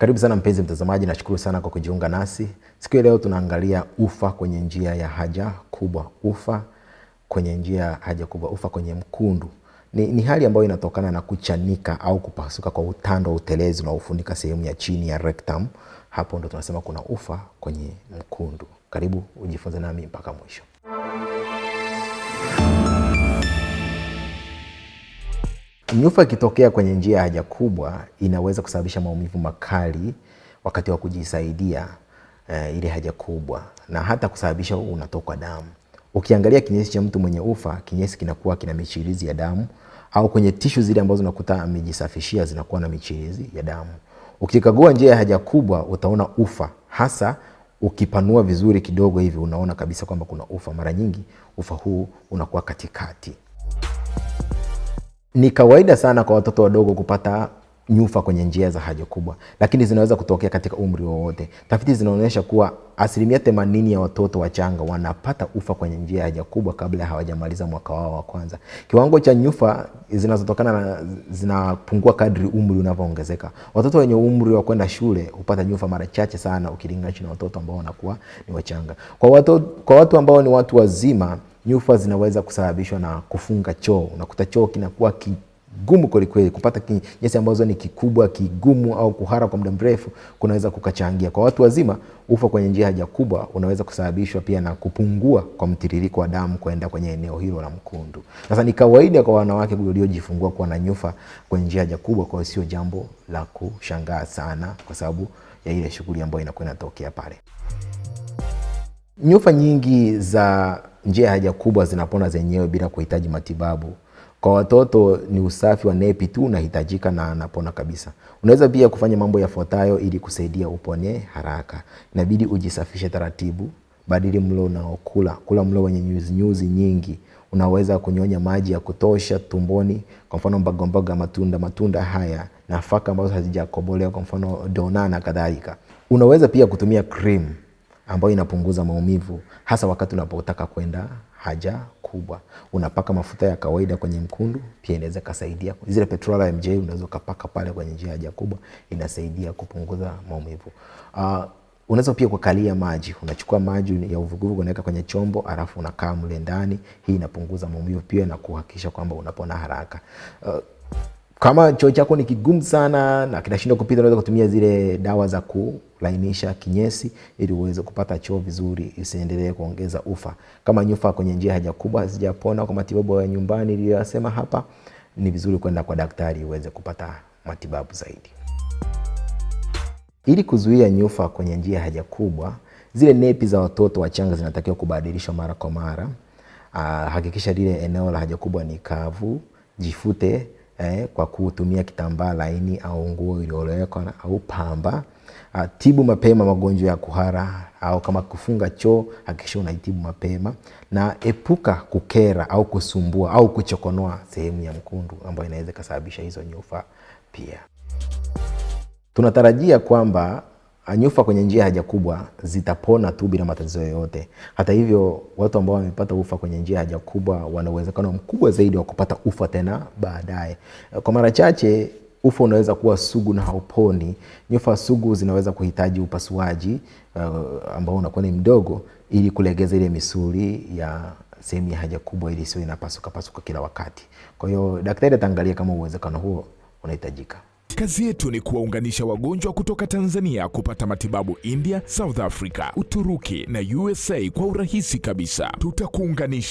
Karibu sana mpenzi mtazamaji, nashukuru sana kwa kujiunga nasi siku leo. Tunaangalia ufa kwenye njia ya haja kubwa, ufa kwenye njia ya haja kubwa, ufa kwenye mkundu ni, ni hali ambayo inatokana na kuchanika au kupasuka kwa utando wa utelezi unaofunika sehemu ya chini ya rectum. Hapo ndo tunasema kuna ufa kwenye mkundu. Karibu ujifunze nami mpaka mwisho. Nyufa ikitokea kwenye njia ya haja kubwa inaweza kusababisha maumivu makali wakati wa kujisaidia eh, ile haja kubwa na hata kusababisha unatokwa damu. Ukiangalia kinyesi cha mtu mwenye ufa, kinyesi kinakuwa kina michirizi ya damu au kwenye tishu zile ambazo unakuta amejisafishia zinakuwa na michirizi ya damu. Ukikagua njia ya haja kubwa utaona ufa, hasa ukipanua vizuri kidogo hivi unaona kabisa kwamba kuna ufa. Mara nyingi ufa huu unakuwa katikati. Ni kawaida sana kwa watoto wadogo kupata nyufa kwenye njia za haja kubwa, lakini zinaweza kutokea katika umri wowote. Tafiti zinaonyesha kuwa asilimia themanini ya watoto wachanga wanapata ufa kwenye njia ya haja kubwa kabla hawajamaliza mwaka wao wa kwanza. Kiwango cha nyufa zinazotokana na zinapungua kadri umri unavyoongezeka. Watoto wenye umri wa kwenda shule hupata nyufa mara chache sana ukilinganisha na watoto ambao wanakuwa ni wachanga. Kwa watu, kwa watu ambao ni watu wazima nyufa zinaweza kusababishwa na kufunga choo. Unakuta choo kinakuwa kigumu kwelikweli, kupata kinyesi ambazo ni kikubwa kigumu au kuhara kwa muda mrefu kunaweza kukachangia. Kwa watu wazima, ufa kwenye njia haja kubwa unaweza kusababishwa pia na kupungua kwa mtiririko wa damu kwenda kwenye eneo hilo la mkundu. Sasa ni kawaida kwa wanawake waliojifungua kuwa na nyufa kwenye njia haja kubwa, kwa hiyo sio jambo la kushangaa sana, kwa sababu ya ile shughuli ambayo inakuwa inatokea pale. Nyufa nyingi za njia ya haja kubwa zinapona zenyewe bila kuhitaji matibabu. Kwa watoto ni usafi wa nepi tu unahitajika na anapona kabisa. Unaweza pia kufanya mambo yafuatayo ili kusaidia upone haraka. Inabidi ujisafishe taratibu, badili mlo unaokula, kula mlo wenye nyuzi nyuzi nyingi. Unaweza kunyonya maji ya kutosha tumboni, kwa mfano mboga mboga, matunda matunda haya, nafaka ambazo hazijakobolewa kwa mfano donana kadhalika. Unaweza pia kutumia cream ambayo inapunguza maumivu hasa wakati unapotaka kwenda haja kubwa. Unapaka mafuta ya kawaida kwenye mkundu, pia inaweza kasaidia. Zile Petrol MJ unaweza ukapaka pale kwenye njia ya haja kubwa, inasaidia kupunguza maumivu. Uh, unaweza pia kukalia maji. Unachukua maji ya uvuguvugu unaweka kwenye chombo, alafu unakaa mle ndani. Hii inapunguza maumivu pia na kuhakikisha kwamba unapona haraka. Uh, kama choo chako ni kigumu sana na kinashindwa kupita, unaweza kutumia zile dawa za kulainisha kinyesi ili uweze kupata choo vizuri, isiendelee kuongeza ufa. Kama nyufa kwenye njia haja kubwa hazijapona kwa matibabu ya nyumbani iliyosema hapa, ni vizuri kwenda kwa daktari uweze kupata matibabu zaidi. Ili kuzuia nyufa kwenye njia haja kubwa, zile nepi za watoto wachanga zinatakiwa kubadilishwa mara kwa mara. Ah, hakikisha lile eneo la haja kubwa ni kavu, jifute eh, kwa kutumia kitambaa laini au nguo iliyolowekwa au pamba. Ah, tibu mapema magonjwa ya kuhara au kama kufunga choo, hakikisha unaitibu mapema, na epuka kukera au kusumbua au kuchokonoa sehemu ya mkundu ambayo inaweza ikasababisha hizo nyufa. Pia tunatarajia kwamba nyufa kwenye njia haja kubwa zitapona tu bila matatizo yoyote. Hata hivyo, watu ambao wamepata ufa kwenye njia haja kubwa wana uwezekano mkubwa zaidi wa kupata ufa tena baadaye. Kwa mara chache ufa unaweza kuwa sugu na hauponi. Nyufa sugu zinaweza kuhitaji upasuaji uh, ambao unakuwa ni mdogo ili kulegeza ile misuli ya sehemu ya haja kubwa ili sio inapasuka pasuka kila wakati. Kwa hiyo daktari ataangalia kama uwezekano huo unahitajika. Kazi yetu ni kuwaunganisha wagonjwa kutoka Tanzania kupata matibabu India, South Africa, Uturuki na USA kwa urahisi kabisa. Tutakuunganisha